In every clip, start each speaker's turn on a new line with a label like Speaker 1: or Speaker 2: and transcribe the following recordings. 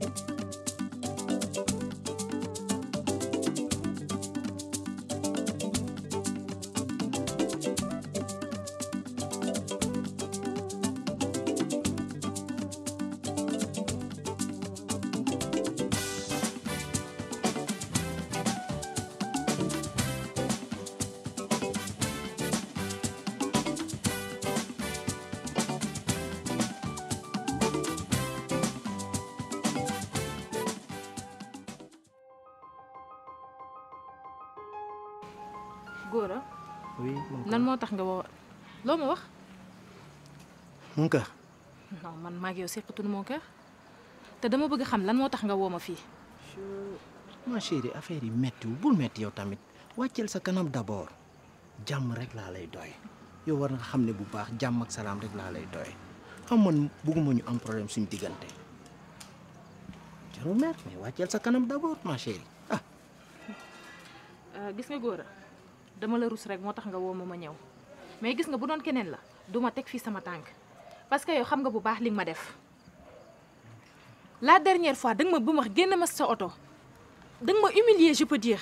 Speaker 1: thank you Gora. oui lan moo tax nga woo loo ma wax. mon cœur. man maa ngi yow seqatuñu mon cœur te dama bëgg xam lan moo tax nga woo ma fii.
Speaker 2: ma chérie yi méttiwul bul métti yow tamit wàcceel sa kanam d'abord jàmm rek laa lay doy yow war nga xam ne bu baax jàmm ak salaam rek laa lay doy xam man bëgguma ñu am problème suñu diggante. jarul mer mais wàcceel sa kanam d'abord ma ah.
Speaker 1: Euh, gis nga Gora. dama la ruus rek moo tax nga woo ma ma ñëw mais gis nga bu doon keneen la du ma teg fii sama tànk parce que xam nga bu baax li ma def la dernière fois danga ma bu wax génn ma sa oto danga ma humilier je peux dire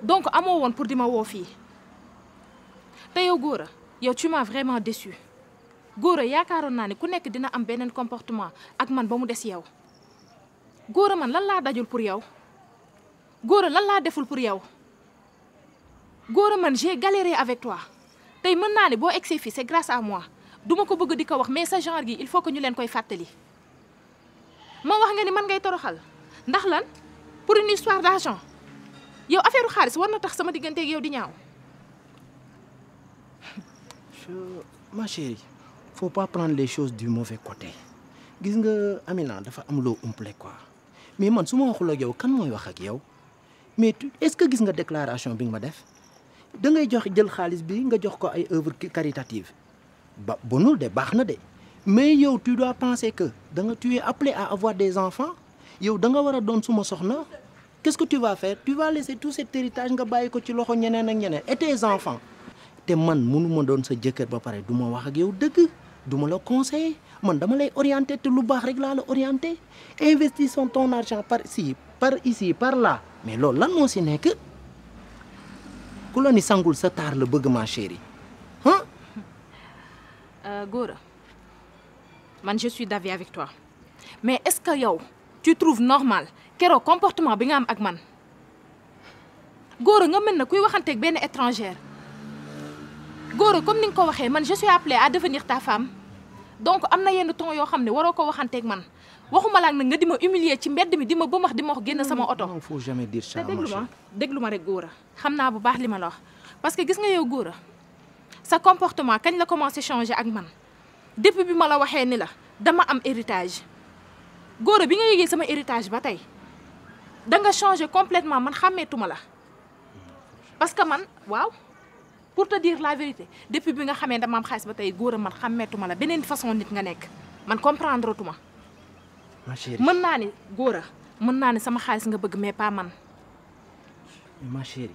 Speaker 1: donc amoo woon pour di ma woo fii te yow Gora yow tu m'as vraiment déçu Gora yaakaaroon naa ne ku nekk dina am beneen comportement ak man ba mu des yow Gora man lan laa dajul pour yow Gora lan laa deful pour yow góor a man j'ai galéré avec toi tey mën naa ne boo egsee fii c'est grâce à moi duma ko bëgg di ko wax mais sa genre gi il faut que ñu leen koy fàttali ma wax nga ni man ngay toroxal ndax lan pour une histoire d'argent yow affaire xaalis war na tax sama digganteeg yow di ñaaw.
Speaker 2: ma chérie foo pas prendre les chose du mauvais côté gis nga Amina dafa am loo umple quoi mais man su ma waxul yow kan mooy wax ak yow mais est-ce que gis nga déclaration bi ma def. da ngay jox jël xaalis bi nga jox ko ay œuvre caritative ba bonul de baax na de mais yow tu dois penser que da nga tu es à avoir des enfants yow da nga war a doon suma soxna qu'est-ce que tu vas faire tu vas laisser tout cet héritage nga bàyyi ko ci loxo ñeneen ak ñeneen et tes enfants te man mënu doon sa jëkkër ba pare du ma wax ak yow dëgg du ma la conseil man dama lay orienter te lu baax rek laa la orienter investissons ton argent par ici par ici par là mais loolu lan moo si nekk ku la ni sangul sa taar la bëgg ma chérie ah.
Speaker 1: man je suis d'avis avec mais est-ce que yow tu trouves normal keroog comportement bi nga am ak man Gora nga mel na kuy waxanteeg benn étrangère Gora comme ni nga ko waxee man je suis appelée à devenir ta femme donc am na yenn temps yoo xam ne waroo ko waxanteeg man. waxuma la nga di ma humilier ci mbedd mi di ma ba max di ma wax génn sama oto.
Speaker 2: non faut jamais dire ça déglu ma
Speaker 1: déglu góora xam naa bu baax li ma la wax parce que gis nga yow góora sa comportement kañ la commencé changer ak man dépuis bi ma la waxee ni la dama am héritage góora bi nga yëgee sama héritage ba tey da nga changé complètement man xàmmeetuma la parce que man waaw pour te dire la vérité depuis bi nga xamee dama am xaalis ba tey góora man xàmmeetuma la beneen façon nit nga nekk man comprendre ma chérie naa ni góor mën naa ni sama xaalis nga bëgg mais pas man.
Speaker 2: ma chérie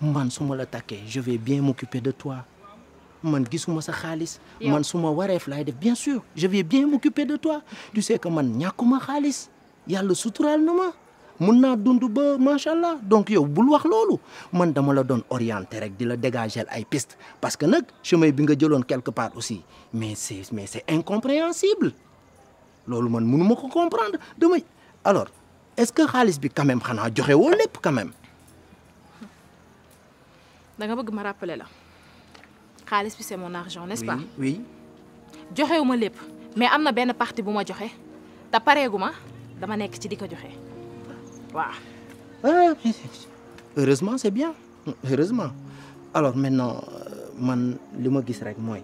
Speaker 2: man su ma la takkee je vais bien m'occuper de toi man gisuma sa xaalis. man su ma wareef laay def bien sûr je vais bien m'occuper de toi. tu sais que man ñàkkuma xaalis yàlla suturaal na ma. mun naa dund ba macha allah donc yow bul wax loolu man dama la doon orienté rek di la dégager ay piste parce que nag chemin bi nga jëloon quelque part aussi mais c'est mais c'est incompréhensible. loolu man mënu ma ko comprendre damay alors est-ce que xaalis bi quand xanaa joxe woo lépp quand
Speaker 1: danga bëgg ma rappeler la xaalis bi c'est mon argent n'est-ce pas. oui joxewu ma lépp mais am na benn partie bu ma joxe te pareegu ma dama nekk ci di ko joxe waaw. Ah,
Speaker 2: heureusement c'est bien heureusement alors maintenant euh, man li ma gis rek mooy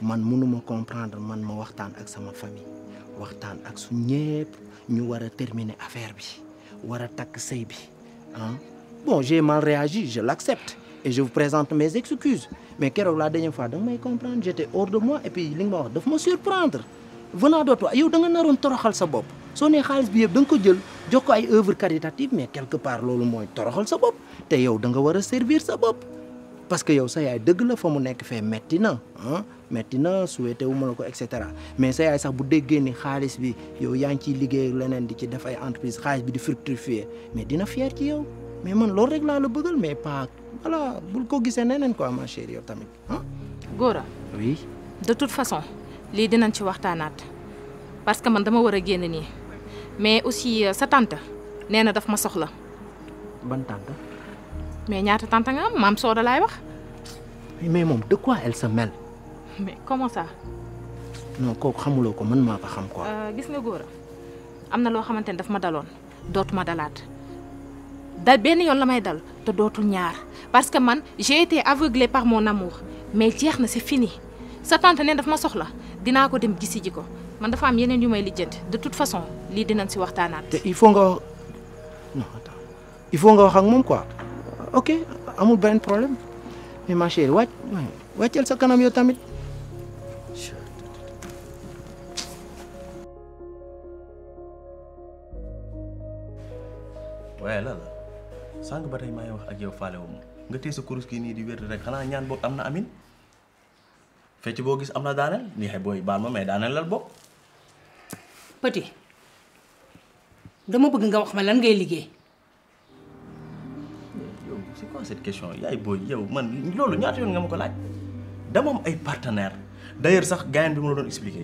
Speaker 2: man mënuma comprendre man ma waxtaan ak sama famille. waxtaan ak su ñëpp ñu war a terminer affaire bi war a takk sëy bi ah bon j'ai mal réagi je l'accepte et je vous présente mes excuses mais keroog la dernière fois da may comprendre j'étais hors de moi et puis li nga ma wax daf ma surprendre venant de toi yow da nga naroon toroxal sa bopp soo nee xaalis bi yëpp da nga ko jël jox ko ay œuvres caritatives mais quelque part loolu mooy toroxal sa bopp te yow da nga war a servir sa bopp parce que yow sa yaay dëgg la fa mu nekk fee metti na metti na souhaité wu ma la ko et cetera mais sa yaay sax bu déggee ni xaalis bi yow yaa ngi ciy liggéey leneen di ci def ay entreprise xaalis bi di fructifier mais dina fier ci yow mais man loolu rek laa la bëggal mais pas voilà bul ko gisee neneen quoi ma chérie yow tamit ah.
Speaker 1: Gora. de façon lii dinañ ci waxtaanaat parce que man dama war a génn nii mais aussi euh, sa tante nee na daf ma soxla. ban tante. mais ñaata tante nga am maam laay wax.
Speaker 2: mais moom de quoi elle se mêle.
Speaker 1: mais comment ça.
Speaker 2: non kooku xamuloo ko man maa ko xam quoi.
Speaker 1: Euh, gis nga góor am na loo xamante ne daf ma daloon dootuma dalaat da benn yoon la may dal te dootul ñaar parce que man j'ai été aveuglée par mon amour mais jeex na si fini sa tante ne daf ma soxla dinaa ko dem gisi ji ko man dafa am yeneen yu may lijjanti de toute façon lii dinañ si waxtaanaat.
Speaker 2: te il faut nga wax il faut nga wax ak moom quoi ok amul benn problème mais ma chérie wàcc wàccal sa kanam yow tamit.
Speaker 3: waaye lan la sànq ba tey maa wax ak yow faale wu nga téye sa kurus kii nii di wér rek xanaa ñaan boobu am na amin fecc boo gis am na daaneel lii xëy booy baal ma may daaneel lal boobu.
Speaker 1: Petit dama bëgg nga wax ma lan ngay liggéey.
Speaker 3: yow c'est quoi cette yaay booy yow man loolu ñaata yoon nga ma ko laaj dama am ay partenaire d'ailleurs sax gaayen bi ma la doon expliqué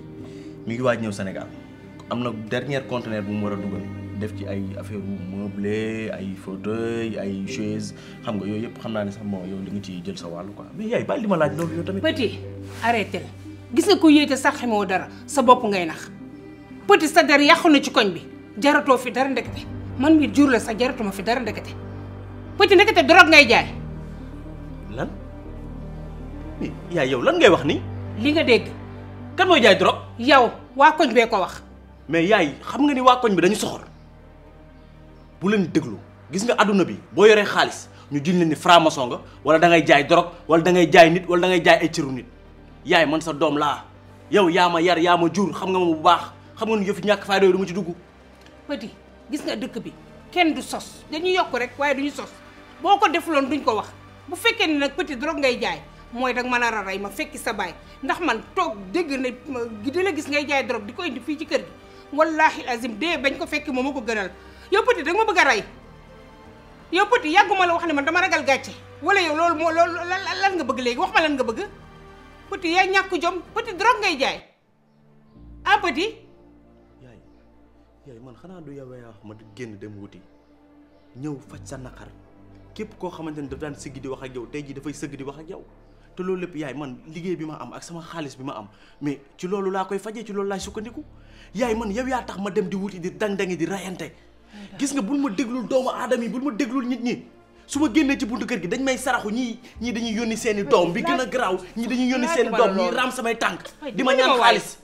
Speaker 3: mi ngi waaj ñëw Sénégal am na dernier conteneur bu mu war a dugal. def ci ay affaire meublé ay fauteuil ay chaise xam nga yooyu yëpp xam naa ne sax bon yow li nga ci jël sa wàllu quoi mais yaay li ma laaj loolu yow tamit. petit arrêté gis nga ko yéete sax xamoo dara sa bopp ngay nax
Speaker 1: petit sa der yàqu na ci koñ bi jaratoo fi dara ndekete man mii jur la sax fi dara ndekete petit ndekete drogue ngay jaay.
Speaker 4: lan
Speaker 3: yaay yow lan ngay wax ni li nga dégg. kan mooy jaay
Speaker 1: yow waa koñ bee ko wax.
Speaker 3: mais yaay xam nga ni waa koñ bi dañu soxor. bu leen déglu gis nga àdduna bi boo yoree xaalis ñu jiñ leen ni franc-maçon nga wala da ngay jaay drogue wala da ngay jaay nit wala da ngay jaay ay cëru nit yaay man sa doom laa yow yaa ma yar yaa ma jur xam nga ma bu baax xam nga nu yëf ñàkk fayda yooyu du ma ci dugg.
Speaker 1: petit gis nga dëkk bi kenn du sos dañuy yokk rek waaye
Speaker 3: duñu sos boo ko defuloon duñ ko wax bu fekkee ni nag petit drogue ngay jaay mooy danga mën a raray ma fekki sa baay ndax man toog dégg ne di la gis ngay jaay drogue di ko indi fii ci kër gi wallaahi azim dee bañ ko fekki moom a ko gënal. yow petit danga ma bëgg a rey yow petit yàgguma la wax ne man dama ragal gàcce wala yow loolu moo loolu lan nga bëgg léegi wax ma lan nga bëgg petit yaa ñàkk jom petit drogue ngay jaay ah petit. yaay man xanaa du yow yaa wax ma génn dem wuti ñëw faj sa naqar képp koo xamante ni daf daan sigg di wax ak yow tey jii dafay sëgg di wax ak yow. te loolu lépp yaay man liggéey bi ma am ak sama xaalis bi ma am mais ci loolu laa koy fajee ci loolu laay sukkandiku yaay man yow yaa tax ma dem di wuti di dang-dangi di rayante. gis nga bu bul ma déglul doomu aadama yi bul ma déglul nit ñi su ma génnee ci buntu kër gi dañ may saraxu ñii ñii dañuy yónni seeni doom bi gën a garaaw ñii dañuy yónni seeni doom ñii raam samay tànk di ma ñaan xaalis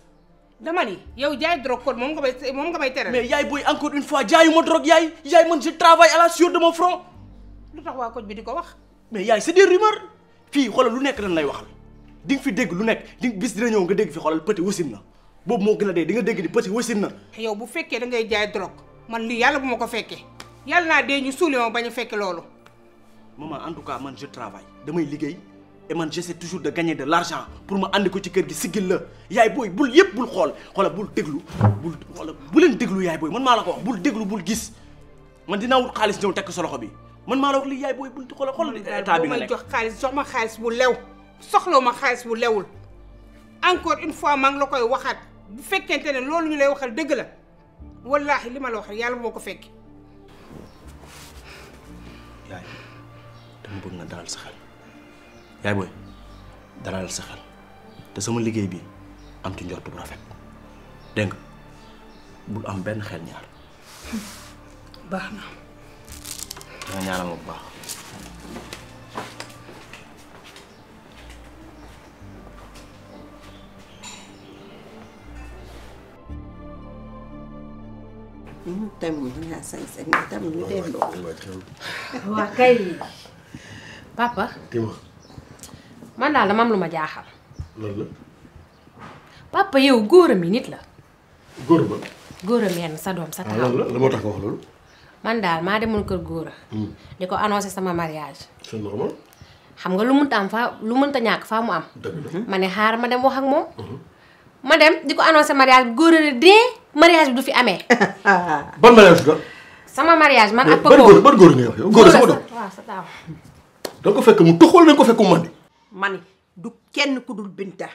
Speaker 1: dama ni yow jaay drogue kon
Speaker 3: moom nga may tere mais yaay booy encore une fois jaayu ma drogue yaay yaay man je travaille à la sueur de mon front
Speaker 1: lu tax waa koñ bi di ko wax
Speaker 3: mais yaay c'est des rumeurs fii xoolal lu nekk dañ lay wax di nga fi dégg lu nekk di bis dina ñëw nga dégg fi xoolal petit wasin na boobu nga dégg ni petit wasin na yow bu fekkee ngay jaay drogue man lii yàlla bu ma ko fekkee yàlla naa dee ñu suuli ma bañ a fekk loolu. maman en tout cas man je travaille damay liggéey et man j'essaie toujours de gagner de l'argent pour ma andi ko ci kër gi siggil la yaay booy bul yëpp bul xool xoola bul déglu bul xoola bu leen déglu yaay booy man maa la ko wax bul déglu bul gis man dinaa wut xaalis ñëw tekk sa loxo bi man maa la wax li yaay booy bul xoola xoola état bi nga nekk jox xaalis jox ma xaalis bu lew soxlaw ma xaalis bu lewul encore une fois maa ngi la koy waxaat bu fekkente ne loolu ñu lay waxal dëgg la wallaahi li ma la wax rek yàlla moo ko fekki. yaay dama bëgg sa xel yaay booy te sama liggéey bi am ci njort bu rafet dégg nga bul am benn xel ñaar. baax na. danga ñaanal ma bu baax.
Speaker 5: ñun tam ñaa
Speaker 1: man daal dama lu ma jaaxal lan yow góoram yi nit la góor ba góoram yenn sa doom sa taxaw lan la la moo man daal maa demoon kër góora di ko annoncé sama mariage
Speaker 6: xam
Speaker 1: nga lu mënta am faa lu mënta ñàkk faa mu am ma ne xaar ma dem wax ak moom ma dem di ko annoncé mariage bi dee mariage bi du fi amee. ban mariage bi sama mariage man ak. ban góor ban
Speaker 6: góor ngay wax yow góor sama doom waaw ko fekk mu toxal da nga ko fekk mu mandi.
Speaker 5: man du kenn ku dul Binta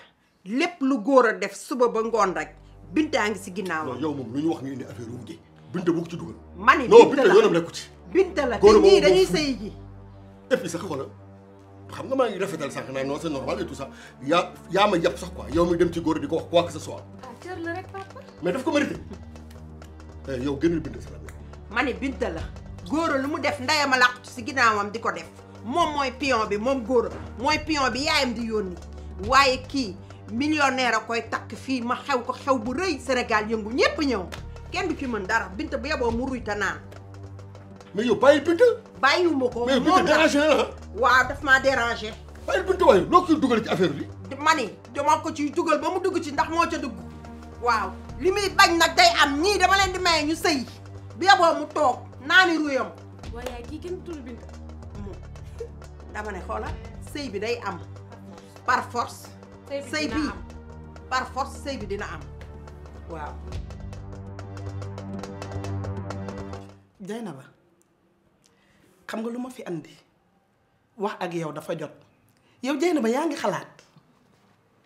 Speaker 5: lépp lu góor a def suba ba ngoon rek Binta ngi si ginnaaw. yow
Speaker 6: moom lu ñu wax nga indi affaire yu Binta bu ko ci dugal.
Speaker 5: man Binta la non Binta yoonam nekku ci. Binta la te ñii dañuy
Speaker 6: sëy ji. et puis sax xoolal. xam nga maa ngi rafetal sànq naa non c'est normal et tout yaa yaa ma yàpp sax quoi yow mi dem ci góor di ko wax quoi que ce soit. ah cër la mais daf ko mérité eh, yow gënul bind si la.
Speaker 5: ma ne bind la góor lu mu def ndeyama làqtu si ginnaawam di ko def moom mooy pion bi moom góor mooy pion bi yaayam di yónni waaye kii millionnaire a koy takk fii ma xew ko xew bu rëy Sénégal yëngu ñépp ñëw kenn du ci mën dara bint bu yeboo mu ruy ta naan.
Speaker 6: mais yow bàyyi bàyyiwuma ko. mais ko dérangé na la.
Speaker 5: waaw daf maa dérangé.
Speaker 6: waaye Bintu waay loo dugal ci affaire bi.
Speaker 5: ma ni ciy dugal ba mu dugg ci ndax moo ca dugg. waaw li muy bañ nag day am ñii dama leen di maye ñu sëy bi yaboo mu toog naa ni ruyam. dama ne xoolal sëy bi day am par force. sëy bi par force dina am waaw.
Speaker 3: xam nga lu ma fi andi wax ak yow dafa jot yow ba yaa ngi xalaat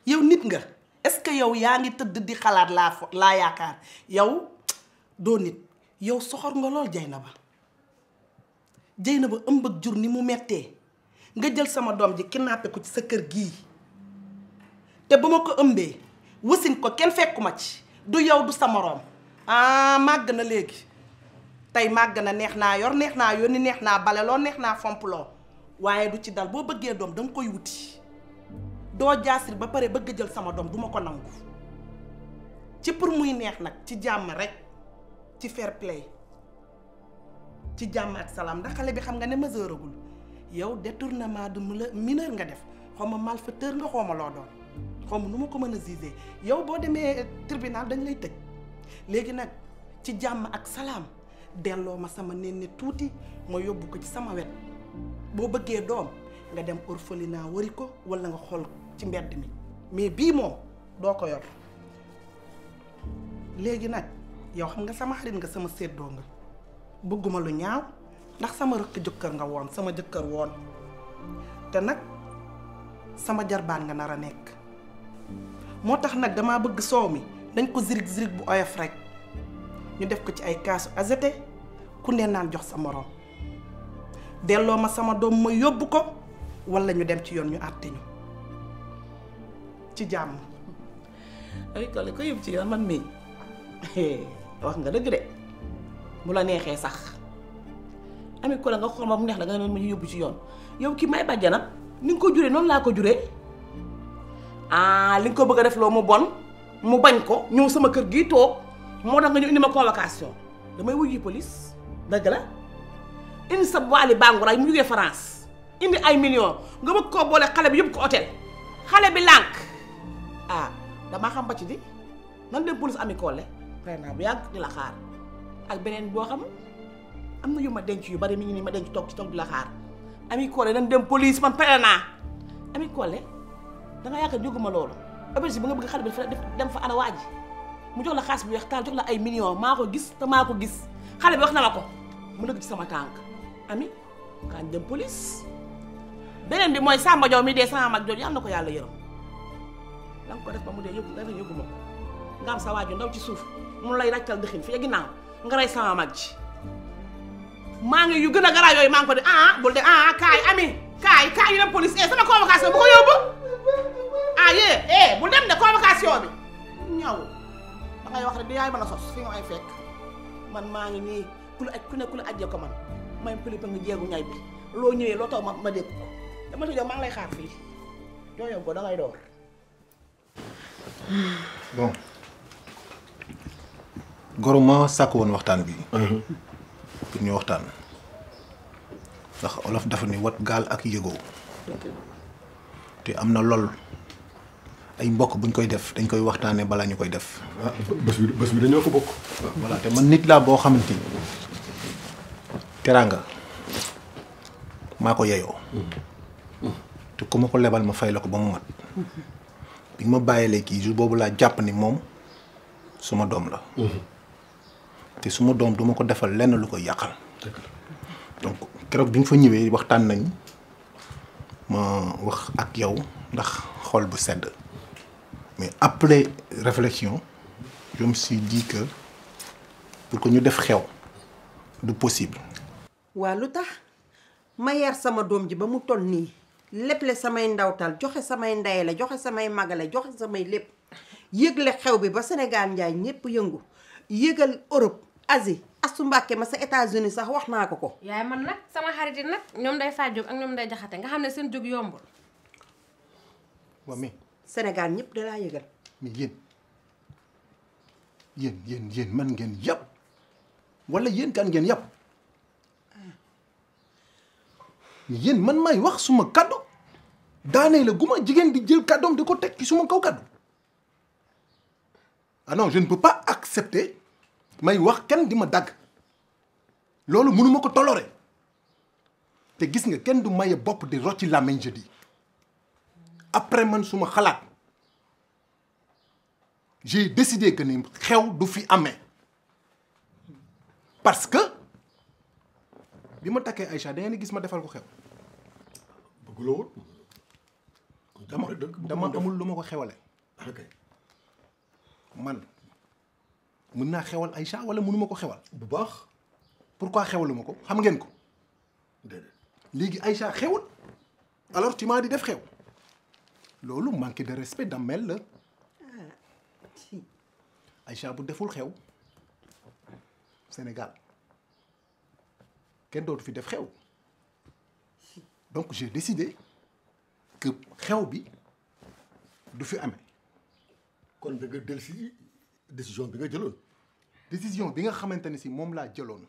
Speaker 3: yow nit nga est-ce que yow yaa ngi tëdd di xalaat laa fo laa yaakaar yow doo nit yow soxor nga lool Dieynaba Dieynaba ëmb ak jur ni mu mettee nga jël sama doom ji kenn kidnappé ko ci sa kër gii te bu ma ko ëmbee wasin ko kenn fekkuma ci du yow du sa moroom ah màgg na léegi tey màgg na neex naa yor neex naa yoon ni neex naa baleloo neex naa fomploo waaye du ci dal boo bëggee doom danga koy wuti doo jaasir ba pare bëgg jël sama doom ma ko nangu ci pour muy neex nag ci jàmm rek ci fair play ci jàmm ak salaam ndax xale bi xam nga ne majeuragul yow détournement de mineur nga def xaw ma malfaiteur nga xaw ma loo doon xom nu ma ko mën a jugé yow boo demee tribunal dañ lay tëj léegi nag ci jàmm ak salaam delloo ma sama nen ne tuuti ma yóbbu ko ci sama wet boo bëggee doom nga dem orphelinat wari ko walla nga xool ci mbedd mi mais bii moom doo ko yor léegi nag yow xam nga sama xarit nga sama séddoo nga bëgguma lu ñaaw ndax sama rëkk jëkkër nga woon sama jëkkër woon te nag sama jarbaat nga nar a nekk moo tax nag damaa bëgg soow mi dañ ko zirig zirig bu oyof rek ñu def ko ci ay kaasu azote ku ne naan jox sa moroom delloo ma sama doom ma yóbbu ko walla ñu dem ci yoon ñu àtte ñu ci jàmm. ay Collé ko yóbbu ci yoon man mii wax nga dëgg de mu la neexee sax ami Collé nga xool ma mu neex la nga ne ma ñu yóbbu ci yoon yow ki may bàjjanam ni nga ko juree noonu laa ko juree ah li nga ko bëgg a def loo mu bon mu bañ ko ñëw sama kër gii toog. moo tax nga ñu indi ma convocation damay wuyu police dëgg la indi sa waali bànguraay mu jógee France indi ay million nga bëgg koo boole xale bi yëpp ko hôtel xale bi lànk ah damaa xam ba di nan dem police ami Kole pare naa bu beneen boo xam am na yu ma denc yu bari mi ngi nii ma denc toog ci toog la xaar ami dem police man pare naa ami Kole da nga yaakaar jóguma loolu obési bi nga bëgg xale bi def dem fa ana waa ji mu jox la xaas bu weex taal jox la ay millions maa ko gis te maa ko gis xale bi wax na ma ko mu nëkk ci sama tànk ami kañ dem police beneen bi mooy Samba Diaw mi dee sama mag jooju yàlla na ko yàlla yërëm da ko def ba mu dee yëgu nga def yëgu ma am sa waaju ndaw ci suuf mu lay ràccal dëxin fii ginnaaw nga rey sama mag ji maa ngi yu gën a garaaw yooyu maa ngi ko di ah, ah kaay ami kaay kaay yu dem police eh sama convocation bu ko yóbbu ah yee eh bul dem may wax rek di yaay mën a sos fi nga ay fekk man maa ngi nii ku aj ku ne ku la ajjee ko man may pëlipa nga jeegu ñay bi loo ñëwee loo taw ma ma dégg ko dama tëjoo maa xaar fii yoo ko da ngay door
Speaker 7: bon sàkk woon waxtaan bi mhm. pour ñu waxtaan ndax olof dafa ni wat gaal ak yëgoo te am na lool ay mbokk buñ koy def dañ koy waxtaanee balaa ñu koy def. ah bés bi dañoo ko bokk. voilà te man nit laa boo xamante ni teraanga maa ko yeyoo te ku ma ko lebal ma fay la ko ba mu mat bi ma bàyyilee kii boobu laa jàpp ni moom suma doom la. te suma doom duma ko defal lenn lu koy yàqal. donc keroog bi ñu fa ñëwee waxtaan nañ ma wax ak yow ndax xool bu sedd. mais après réflexion je me suis pour que ñu def xew du possible.
Speaker 5: waa lu tax ma yar sama doom ji ba mu toll nii lépp léple samay ndawtal joxe samay ndaye la joxe samay magale joxe samay lépp yëgle xew bi ba senegal njaay ñëpp yëngu yëgal Europe asi asu Mbàkke ma sa états uni sax wax naa ko ko.
Speaker 1: yaay man nag sama xarit yi nag ñoom day faa jóg ak ñoom day jaxate nga xam ne seen jóg yombul.
Speaker 5: Sénégal ñëpp dalaa yëgal.
Speaker 7: mais yéen yéen yéen yéen man ngeen yàpp wala yéen kan ngeen yàpp yéen man may wax suma kaddu daanee la guma jigéen di jël kaddoom di ko teg ci suma kaw kaddu ah non je ne peux pas accepter may wax kenn di ma dagg loolu mënuma ko toléré te gis nga kenn du maye bopp di rocci làmmiñ je dis après man suma xalaat j'ai décidé que ni xew du fi amee parce que bi ma takkee Aïcha da ngeen gis ma defal ko xew. bëgguloo woon. dama dama amul lu ma ko xewale ah, ok man mën naa xewal Aïcha wala mënuma ko xewal. bu baax. pour pourquoi xewaluma ko xam ngeen ko. déedéet léegi Aïcha xewal alors tu m'as di def xew. loolu manque de respect dammel la ah, Aïcha bu deful xew Sénégal kenn dootu fi def xew donc j'ai décidé que xew bi du fi amee kon da nga del si décision bi nga jëloon décision bi nga xamante ne si moom laa jëloon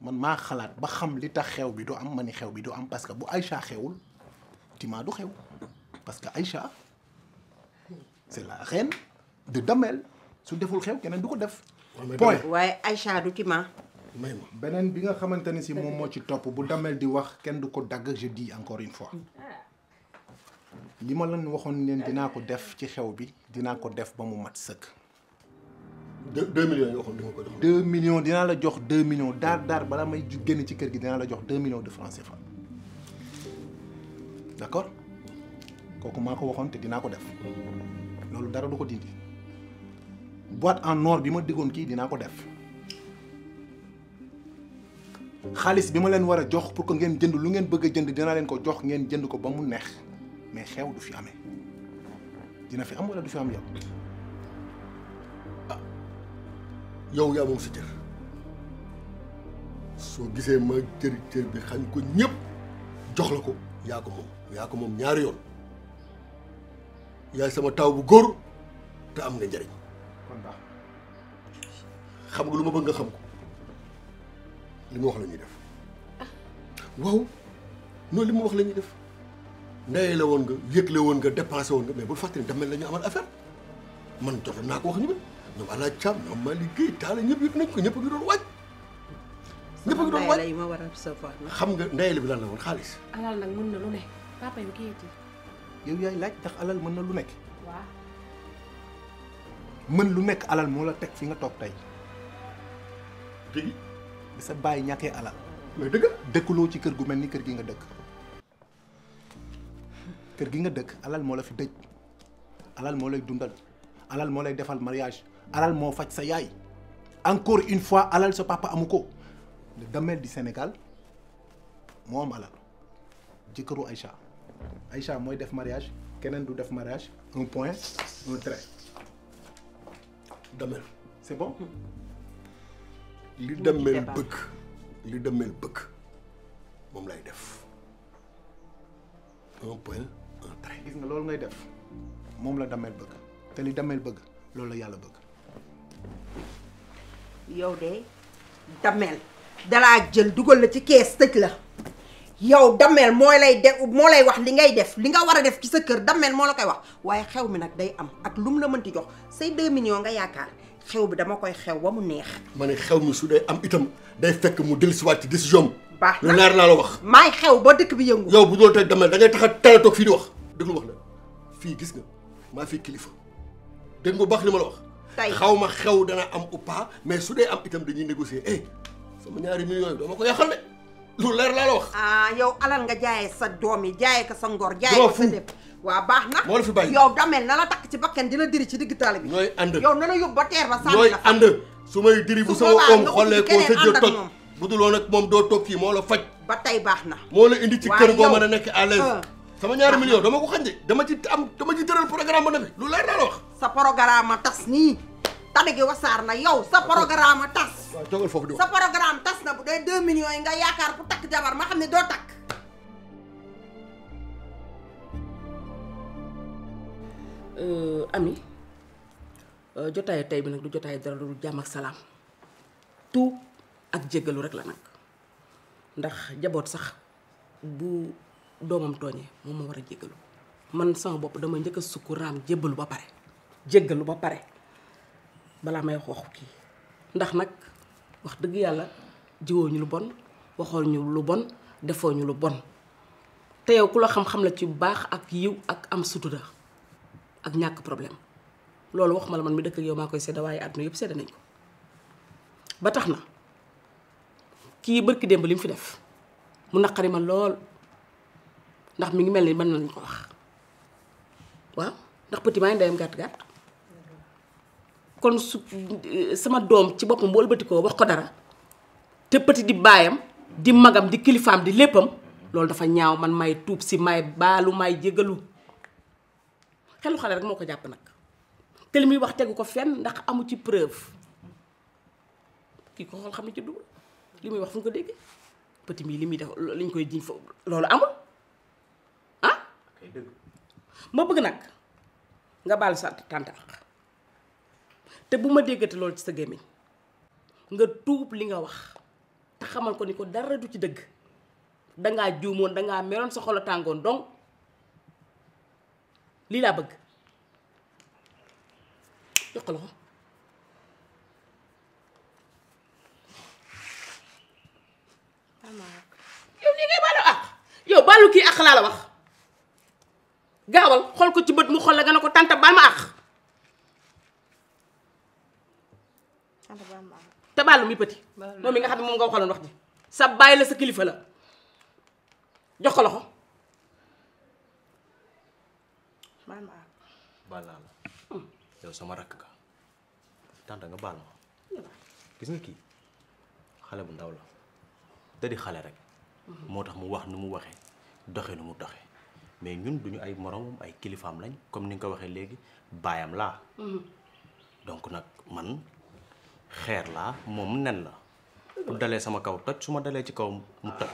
Speaker 7: man maa xalaat ba xam li tax xew bi du am ma ni xew bi du am parce que bu Aïcha xewul Tima du xew parce que ay Aïcha c'est la reine de Damel su deful xew keneen du ko def. point waaye Aïcha du ci ma. beneen bi nga xamante ni si moom moo ci topp bu Damel di wax kenn du ko dagg je encore une fois. li ma leen waxoon leen dinaa ko def ci xew bi dinaa ko def ba mu mat sëkk.
Speaker 1: deux deux millions yoo xam
Speaker 7: ne dinaa la jox deux millions daar daar balaa may génn ci kër gi dinaa la jox deux millions de francs CFA kooku maa ko waxoon te dinaa ko def loolu dara du ko dindi boîte en or bi ma diggoon kii dinaa ko def xaalis bi ma leen war a jox pour que ngeen jënd lu ngeen bëgg a jënd dinaa leen ko jox ngeen jënd ko ba mu neex mais xew du fi amee dina fi am wala du fi am yow ah,
Speaker 6: yaa moom sa cër soo gisee ma cër cër bi xañ ko ñépp jox la ko yaa ko moom yaa ko moom ñaari yoon yaay sama taaw bu góor te am nga njariñ xam nga lu ma bëgg nga xam ko li mu wax la ñuy def waaw noonu li mu wax la ñuy def ndeyee la woon nga yëgle woon nga dépensé woon nga mais bul fàttali damel la ñu amal affaire man jotoon naa ko wax ñu bi ñoom alaaj Caam ñoom Mali Guèye taala ñëpp yëg nañ ko ñëpp a ngi doon waaj ñëpp a
Speaker 5: ngi doon waaj
Speaker 7: xam nga ndeyee bi lan na woon xaalis alal nag yow yaay laaj tax alal mën na lu nekk. mën lu nekk alal moo la teg fi nga toog tey. dégg sa bàyyi ñàkkee alal. loolu dëgg dëkkuloo ci kër gu mel ni kër gi nga dëkk. kër gi nga dëkk alal moo la fi dëj alal moo lay dundal alal moo lay defal mariage alal moo faj sa yaay encore une fois alal sa papa amu ko le damel du Sénégal moo am alal jëkkëru Aïcha Aïcha mooy def mariage keneen du def mariage un point un trait damel c'est bon
Speaker 6: li damel bëgg li damel bëgg
Speaker 7: moom lay def un point un trait gis nga loolu ngay def moom la damel bëgg te li damel bëgg loolu la yàlla bëgg
Speaker 5: yow de damel dalaa jël dugal la ci kees tëj la yow dammel mooy lay def moo lay wax li ngay def li nga war a def ci sa kër dammel moo la koy wax waaye xew mi nag day am ak lu mu la ti jox say 2 million nga yaakaar xew bi dama koy xew ba mu neex.
Speaker 6: ma ne xew mi su day am itam day fekk mu dellusiwaat ci décision am.
Speaker 5: baax na leer naa la wax.
Speaker 6: maay xew ba dëkk bi yëngu. yow bu doon tey dammel da ngay tax a teel toog fii di wax déglu wax la fii gis nga maa fi kilifa dégg nga baax li ma la wax. tey xaw ma xew dana am ou mais su dee am itam dañuy négocier eh sama ñaari millions yi doo ko yàqal de. lu leer laa la wax.
Speaker 5: ah yow alal nga jaayee sa doom yi jaayee ko sa ngor. jaayee ko sa lépp waaw baax na. moo la fi bàyyi yow damel na la takk ci bakken di la diri ci digg taal bi. ñooy ànd yow na la yóbbu ba teer ba. sànni la
Speaker 6: su may diri bu sama oom xollee ko sa jë toj bu dul woon ak moom doo toog fii moo la faj. ba tay baax na. moo la indi ci kër goo mën a nekk à l'aise sama ñaari million dama ko xañ dama ci am dama ci tëral programme na fi lu leer laa wax. sa programme ta nii
Speaker 5: tane gi wasaar na yow sa ah, programme tas
Speaker 6: ah, sa
Speaker 5: programme tas na bu dee deux yi nga yaakaar ku takk jabar ma xam ne doo takk
Speaker 3: euh, ami euh, jotaayu tey bi nag du jotaayu dara lu jàmm ak salaam tuub ak jéggalu rek la nag ndax jaboot sax bu doomam tooñee moom ma war a jéggalu man sama bopp dama njëkk a sukku raam jébbalu ba pare jéggalu ba pare balaa may wax waxu kii ndax nag wax dëgg yàlla jiwoo ñu lu bon waxoo ñu lu bon defoo ñu lu bon te yow ku la xam-xam la ci baax ak yiw ak am sutuda ak ñàkk problème loolu wax ma la man mi dëkk yow maa koy sedda waaye àdduna yëpp sedda nañ ko ba tax na kii bërki démb li mu fi def mu naqari ma lool ndax mi ngi mel ni mën nañ ko wax waaw ndax petit maa ngi ndeyam gàtt gàtt kon su euh, sama doom ci boppam bu ëlbatikoo wax ko dara te petit di baayam di magam di kilifaam di léppam loolu dafa ñaaw man may tuub si may baalu may jégalu xelu xale rek moo ko jàpp nag te li muy wax tegu ko fenn ndax amu ci preuve kii ko xool xam ne ci li muy wax fu ko déggee petit li muy def li koy jiñ fa loolu amul ah ma bëgg nag nga baal sa tàntaax te bu ma déggati loolu ci sa gémmiñ nga tuub li nga wax te xamal ko ni ko dara du ci dëgg dangaa juumoon dangaa meloon sa xolo tàngoon donc lii laa bëgg jox ko loxo yow nii kii ak laa la wax gaawal xool ko ci bët mu xool la nga ne ko tànta baal ma ak te baalu mi petit moom mi nga xam ne moom nga waxaloon wax ji sa bàyyi la sa kilifa la jox ko loxo baal ma yow sama rakk ka tànta nga baal ma gis nga kii xale bu ndaw la da xale rek moo tax mu wax nu mu waxee doxe nu mu doxe mais ñun duñu ay moromam ay kilifaam lañ comme ni nga ko waxee léegi baayam laa mhm. donc nag man xeer la moom nen la bu dalee sama kaw toj su ma dalee ci kaw mu toj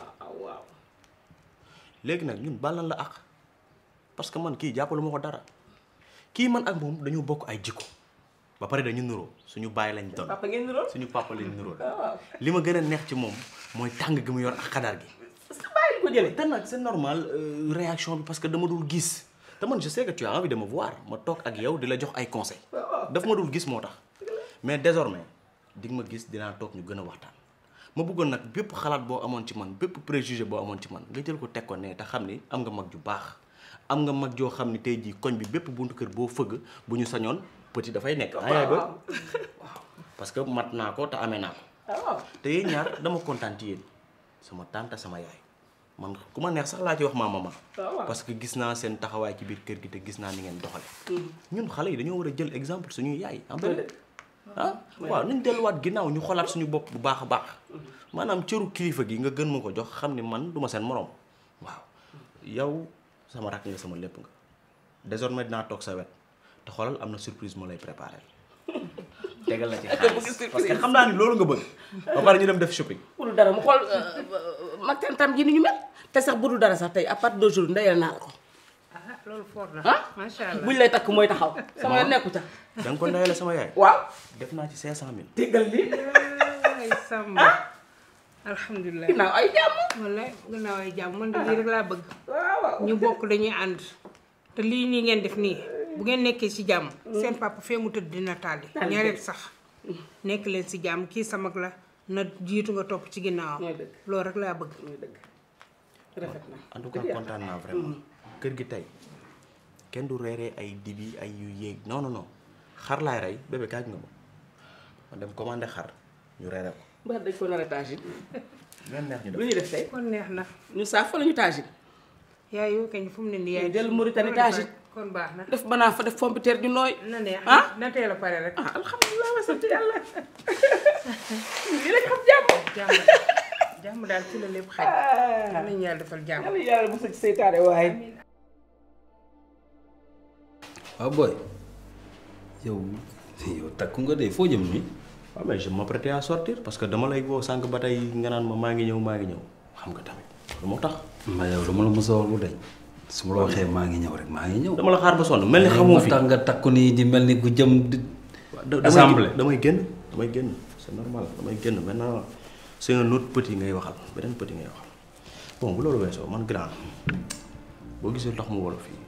Speaker 3: léegi nag ñun bàllan la ak parce que man kii jàppalu ma ko dara kii man ak moom dañu bokk ay jikko ba pare dañu nuroo suñu bàyyi lañ doon papa ngeen nuroo suñu papa niroo nuroo ah, li ma gën a neex ci moom mooy tàng gi mu yor ak xadaar gi sa bàyyi ko jëlee danag c'est normal euh, réaction bi parce que dama dul gis te man je sais que tu as voir ma toog ak yow di la jox ay conseils ah, daf ma dul gis moo tax mais désormais di nga ma gis dinaa toog ñu gën a waxtaan ma bëggoon nag bépp xalaat boo amoon ci man bépp préjugé boo amoon ci man nga jël ko teg ko ne te xam ni am nga mag ju baax am nga mag joo xam ni tey jii koñ bi bépp buntu kër boo fëgg bu ñu sañoon petit dafay nekk. Ah, waaw waaw parce que mat naa ko te amee naa ko. Ah, te yéen ñaar dama kontaan ci yéen sama tante sama yaay man ku ma neex sax laa ci wax ma mama ah, parce que gis naa seen taxawaay ci biir kër gi te gis naa ni ngeen doxale hmm. ñun xale yi dañoo war a jël exemple suñuy yaay. am
Speaker 4: ah waaw
Speaker 3: nañ delluwaat ginnaaw ñu xolaat suñu bopp bu baax a baax maanaam cëru kilifa gi nga gën ma ko jox xam ni man du ma seen morom waaw yow sama rakk nga sama lépp nga désormais dinaa toog sa wet te xoolal am na surprise moo lay préparé tegal la ci xaalis parce xam naa ni loolu nga bëgg ba pare ñu dem def shopping. budul dara mu xool euh, euh, euh, mag tam ji ni ñu mel te sax budul dara sax tey à partir d'aujourd'hui ndeyal naa la ko.
Speaker 1: loolu fort na ah? macha allah buñ lay takk mooy taxaw. sama yoon nekku
Speaker 3: ca. da nga ko ndayale sama yaay. waaw def naa ci 500000. déggal lii.
Speaker 1: ay sàmm. alhamdulilah ginnaaw ay jàmm. wallaay ginnaaw ay jàmm man de ah. lii rek laa bëgg. ñu bokk dañuy ànd. te lii nii ngeen def nii. bu ngeen nekkee ci jàmm. seen papa fee mu tëdd dina taali. ñaareel sax. nekk leen si jàmm
Speaker 3: kii sama la na jiitu nga topp ci ginnaawam. loolu rek laa bëgg. rafet na naa vraiment. Mm. kër gi tey kenn du reeree ay dibi ay yu yéeg non non non xar laay rey bébé kaaj nga ma ma dem commandé xar ñu reere ko. mbaa dañ a taajil. neex def lu ñu neex na. ñu saaf fa la ñu taajil. yaay yoo ne nii yaay. jël Mauritanie taajil. kon baax na def banaa fa def pompiteer ju nooy. na neex ah? na teel a pare rek. ah alhamdulilah wa sant
Speaker 1: yàlla. lii
Speaker 3: rek xam jàmm. jàmm daal ci la lépp xaj. Ah. yàlla na ñu yàlla defal jàmm. yàlla na yàlla mos a ci seytaane waaye.
Speaker 4: waaw ah, booy yow yow takku nga de foo jëm nii. waaw ah, mais je m'apprêtais
Speaker 3: à sortir parce que dama lay woo sànq ba tey nga naan ma maa ngi ñëw maa ngi ñëw xam nga tamit loolu moo tax.
Speaker 4: ma yow dama la mos a wax su ma la waxee maa ngi ñëw rek maa ngi ñëw. dama la xaar ba sonn mel ni xamoo fi tax nga takku nii di mel ni ku jëm di. assemblée damay génn damay génn c'est normal
Speaker 3: damay génn maintenant c'est un ngay waxal beneen petit ngay waxal bon loolu man grand boo gisee tax mu wolof fii.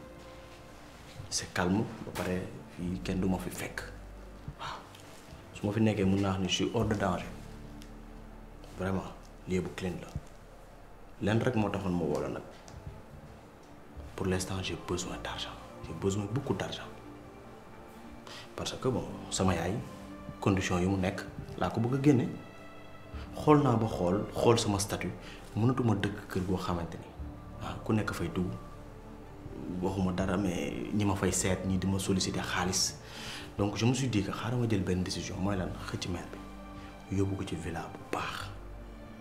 Speaker 3: c'est calme ba pare fii kenn du ma fi fekk waaw su ma fi nekkee mun naa xam ne je suis hors de danger vraiment lieu bu clean la lenn rek moo taxoon ma woo nag pour les j'ai besoin d'argent j'ai besoin beaucoup d'argent parce que bon sama yaay condition yi mu nekk laa ko bëgg a génne xool naa ba xool xool sama statut mënatuma dëkk kër goo xamante ni waaw ah, ku nekk fay dugg. waxuma dara mais ñi ma fay seet ñi di ma solliciter xaalis donc je me suis dit que xaaral ma décision mooy lan xëcc maire bi yóbbu ko ci villa bu baax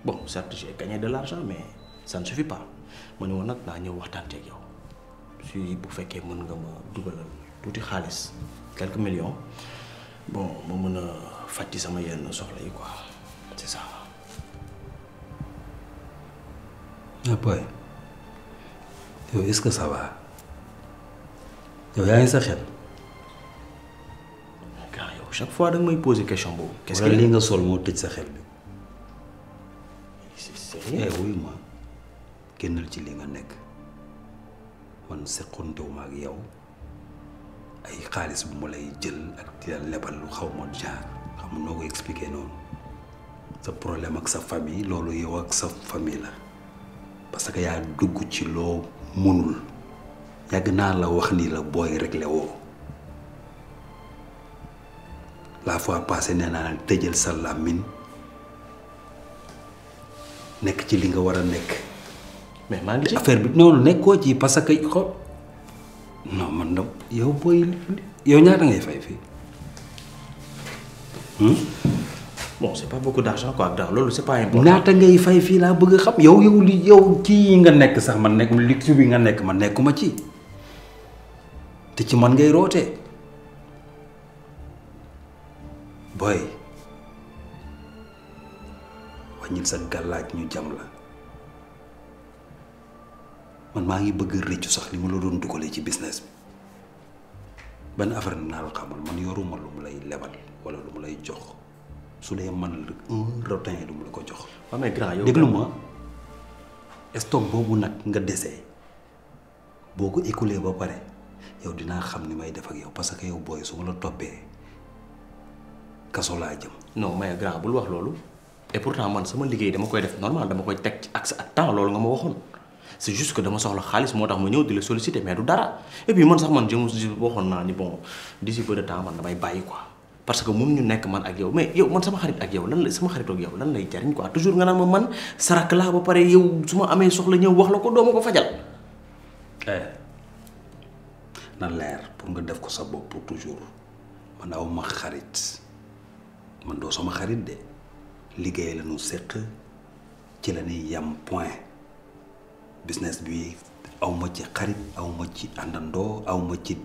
Speaker 3: bon certes j'ai gagné de l'argent mais ça ne suffit pas ma ne woon nag naa ñëw waxtaan ak yow si bu fekkee mën nga ma dugalal tuuti xaalis quelques million bon ma mën a faj sama yenn soxla yi quoi
Speaker 4: ah boy yow est-ce que ça yow yaa ngi sa xel. gaa fois da nga may poser question boobu. qu'est-ce nga sol moo tëj sa xel bi. Eh, génnal ci li nga nekk man seqantewuma ak yow ay xaalis bu ma lay jël ak lebal lu xaw ma xam noo ko expliquer noonu sa problème ak sa famille loolu yow ak sa famille la parce que yaa dugg ci loo mënul. yàgg naa la wax ni la booy réglé woo la fois passée nee naa la tëjal sa làmmiñ nekk ci li nga war a nekk. mais maa affaire bi noonu nekkoo ci parce que xool man de yow booy yow ñaata ngay fay fii. Hmm? bon c'est pas beaucoup d'argent quoi ñaata ngay fay fii laa bëgg a xam yow yow li yow kii yi nga nekk sax man nekk luxe bi nga nekk ma nekkuma ci. te ci man ngay rootee booy wàññil sa gàllaaj ñu jam la man maa ngi bëgg réccu sax li ma la doon dugalee ci business bi benn affaire naa la xamal man yoruma lu mu lay lebal wala lu mu lay jox su dee man un rotin lu mu la ko jox. waaw mais déglu ma stock boobu nag nga dese boo ko écoulé ba pare. yow dinaa xam ni may def ak yow parce que yow booy su ma la toppee kaso laa jëm. non mais grand bul wax loolu et pourtant man sama liggéey dama koy def normal dama koy teg ci accès ak temps loolu nga ma waxoon.
Speaker 3: c'est juste que dama soxla xaalis moo tax ma ñëw di la solliciter mais du dara et man sax man jëm si naa ni bon d'ici peu de temps man damay bàyyi quoi. parce que nekk man ak yow mais yow man sama xarit ak yow lan la sama xarit ak yow lan lay jariñ quoi toujours nga naan ma man sarak ba pare yow su ma amee soxla ñëw wax la ko doo ma ko fajal.
Speaker 4: Eh. na leer pour nga def ko sa bopp pour toujours man aw ma xarit man doo sama xarit de liggéey la ñu séq ci la ñuy yam point business bi awma ma ci xarit aw ma ci àndandoo aw ma ci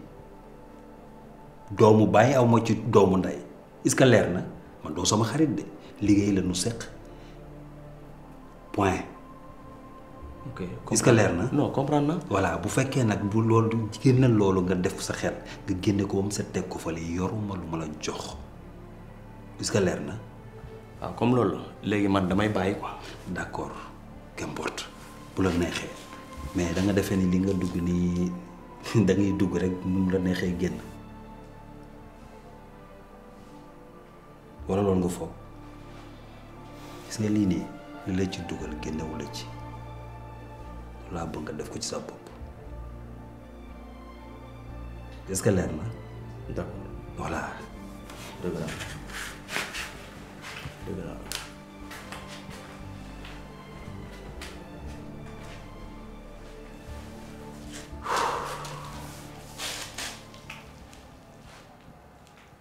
Speaker 4: doomu baay aw ma ci doomu ndey est-ce leer na man doo sama xarit de liggéey la ñu séq point ok est leer na. non comprendre voilà bu fekkee nag bu loolu génneel loolu nga def ko sa xel nga génne ko ba mu sa teg ko fële yoruma lu ma la jox est que leer na. waaw ah, comme loolu léegi man damay bàyyi quoi. d'accord qu'importe bu la neexee mais da nga defee ni li nga dugg nii da ngay dugg rek nu la neexee génn wala loolu nga foog gis lii nii li la ci dugal génnewu la ci. laa bëgg nga def ko ci sa bopp est-ce leer na. d'accord voilà. dëgg la
Speaker 3: dëgg